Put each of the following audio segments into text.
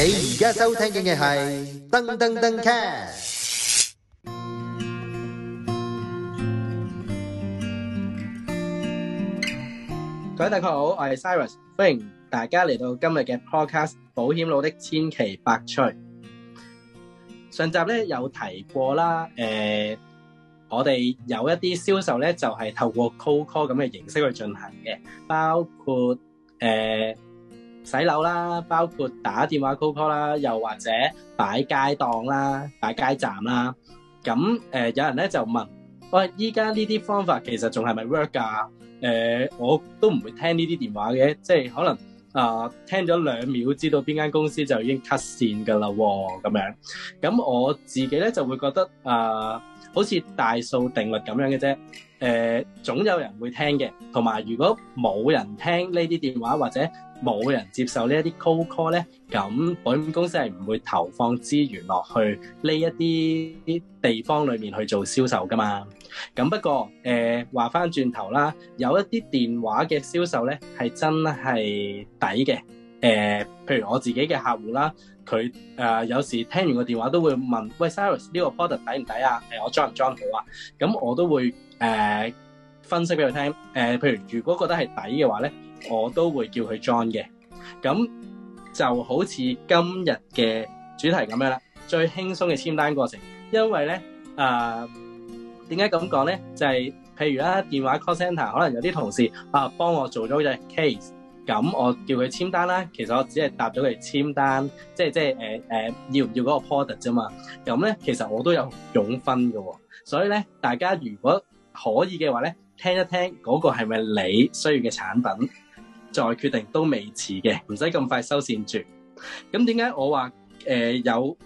你而家收聽嘅係噔噔噔 cast 各位大家好，我係 Cyrus 歡迎大家嚟到今日嘅 podcast 保險佬的千奇百趣。上集咧有提過啦，誒、呃，我哋有一啲銷售咧就係、是、透過 Cold Call 咁嘅形式去進行嘅，包括誒。呃洗樓啦，包括打電話 call call 啦，又或者擺街檔啦，擺街站啦。咁誒、呃，有人咧就問，喂，依家呢啲方法其實仲係咪 work 㗎？誒、呃，我都唔會聽呢啲電話嘅，即係可能啊、呃，聽咗兩秒知道邊間公司就已經 cut 線㗎啦喎，咁樣。咁我自己咧就會覺得啊、呃，好似大數定律咁樣嘅啫。誒、呃、總有人會聽嘅，同埋如果冇人聽呢啲電話或者冇人接受呢一啲 call call 咧，咁保險公司係唔會投放資源落去呢一啲地方裡面去做銷售噶嘛。咁不過誒、呃、話返轉頭啦，有一啲電話嘅銷售咧係真係抵嘅。誒，譬如我自己嘅客戶啦，佢誒、呃、有時聽完個電話都會問：，喂 Sirus 呢個 product 抵唔抵啊？係我 join 唔 join 好啊？咁我都會誒、呃、分析俾佢聽。誒、呃，譬如如果覺得係抵嘅話咧，我都會叫佢 join 嘅。咁就好似今日嘅主題咁樣啦，最輕鬆嘅簽單過程。因為咧，誒點解咁講咧？就係、是、譬如啦、啊，電話 call center 可能有啲同事啊，幫我做咗嘅 case。咁我叫佢簽單啦，其實我只係答咗佢簽單，即係即係誒誒，要唔要嗰個 product 啫嘛？咁咧，其實我都有佣分嘅，所以咧，大家如果可以嘅話咧，聽一聽嗰個係咪你需要嘅產品，再決定都未遲嘅，唔使咁快收線住。咁點解我話誒有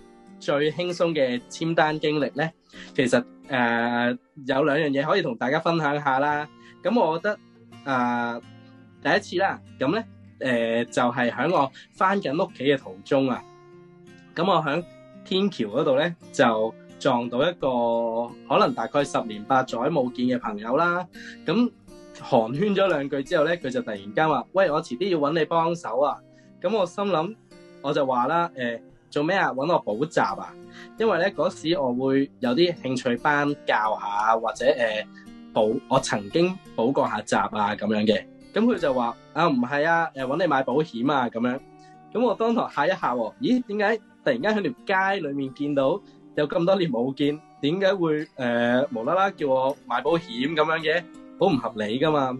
最輕鬆嘅簽單經歷咧？其實誒有兩樣嘢可以同大家分享下啦。咁我覺得誒。第一次啦，咁咧誒就係喺我返緊屋企嘅途中啊。咁我喺天橋嗰度咧就撞到一個可能大概十年八載冇見嘅朋友啦。咁寒暄咗兩句之後咧，佢就突然間話：「喂，我遲啲要揾你幫手啊。咁我心諗，我就話啦，誒做咩啊？揾我補習啊？因為咧嗰時我會有啲興趣班教下，或者誒、欸、補我曾經補過下習啊咁樣嘅。咁佢就話：啊，唔係啊，誒搵你買保險啊，咁樣。咁我當堂嚇一嚇喎、啊，咦？點解突然間喺條街裏面見到，有咁多年冇見，點解會誒、呃、無啦啦叫我買保險咁樣嘅？好唔合理噶嘛？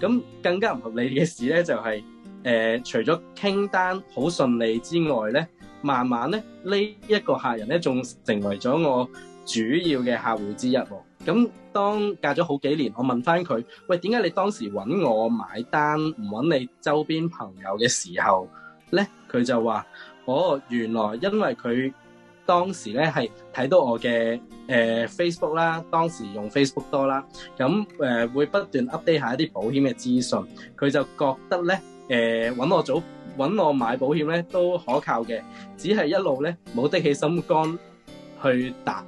咁更加唔合理嘅事咧，就係、是、誒、呃、除咗傾單好順利之外咧，慢慢咧呢一、這個客人咧，仲成為咗我主要嘅客戶之一喎、啊。咁當隔咗好幾年，我問翻佢：喂，點解你當時揾我買單，唔揾你周邊朋友嘅時候咧？佢就話：哦，原來因為佢當時咧係睇到我嘅誒、呃、Facebook 啦，當時用 Facebook 多啦，咁誒、呃、會不斷 update 下一啲保險嘅資訊，佢就覺得咧誒揾我早揾我買保險咧都可靠嘅，只係一路咧冇的起心肝去答。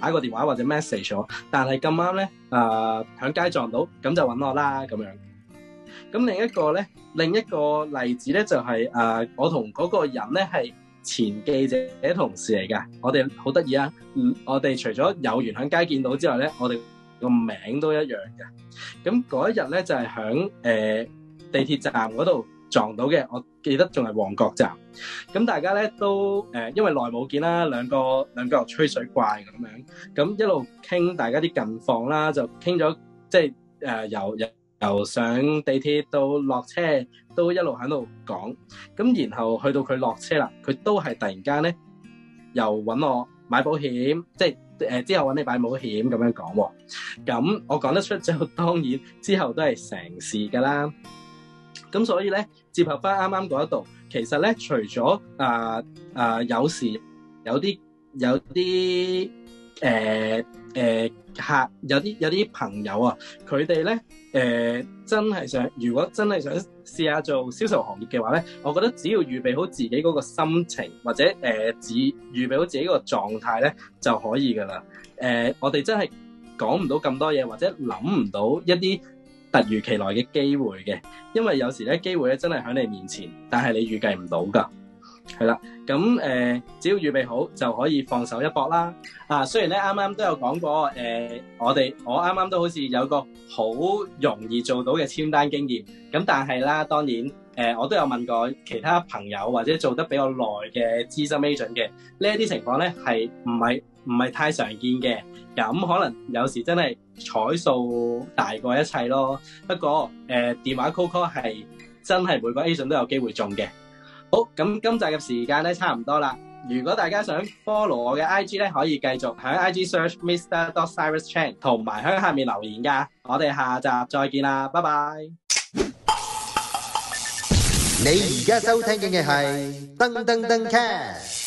打個電話或者 message 咗，但係咁啱咧，啊，響街撞到，咁就揾我啦，咁樣。咁另一個咧，另一個例子咧就係，誒，我同嗰個人咧係前記者同事嚟噶，我哋好得意啊，嗯，我哋除咗有緣響街見到之外咧，我哋個名都一樣嘅。咁嗰一日咧就係響誒地鐵站嗰度撞到嘅，我記得仲係旺角站。咁大家咧都誒，因為耐冇見啦，兩個兩個又吹水怪咁樣，咁一路傾大家啲近況啦，就傾咗，即係誒由由由上地鐵到落車都一路喺度講。咁然後去到佢落車啦，佢都係突然間咧又揾我買保險，即係誒之後揾你買保險咁樣講喎。咁我講得出就當然之後都係成事噶啦。咁所以咧，接合翻啱啱嗰一度，其實咧，除咗啊啊，有時有啲有啲誒誒客，有啲有啲朋友啊，佢哋咧誒，真係想，如果真係想試下做銷售行業嘅話咧，我覺得只要預備好自己嗰個心情，或者誒自、呃、預備好自己個狀態咧，就可以㗎啦。誒、呃，我哋真係講唔到咁多嘢，或者諗唔到一啲。突如其來嘅機會嘅，因為有時咧機會咧真係喺你面前，但係你預計唔到㗎，係啦。咁誒、呃，只要預備好就可以放手一搏啦。啊，雖然咧啱啱都有講過誒、呃，我哋我啱啱都好似有個好容易做到嘅簽單經驗，咁但係啦，當然。誒，我都有問過其他朋友或者做得比較耐嘅資深 agent 嘅，呢一啲情況咧係唔係唔係太常見嘅，咁可能有時真係彩數大過一切咯。不過誒，電話 call call 係真係每個 agent 都有機會中嘅。好，咁今集嘅時間咧差唔多啦。如果大家想 follow 我嘅 IG 咧，可以繼續喺 IG search Mr. Doctor Cyrus Chan 同埋喺下面留言㗎。我哋下集再見啦，拜拜。你而家收聽嘅係噔噔噔 cat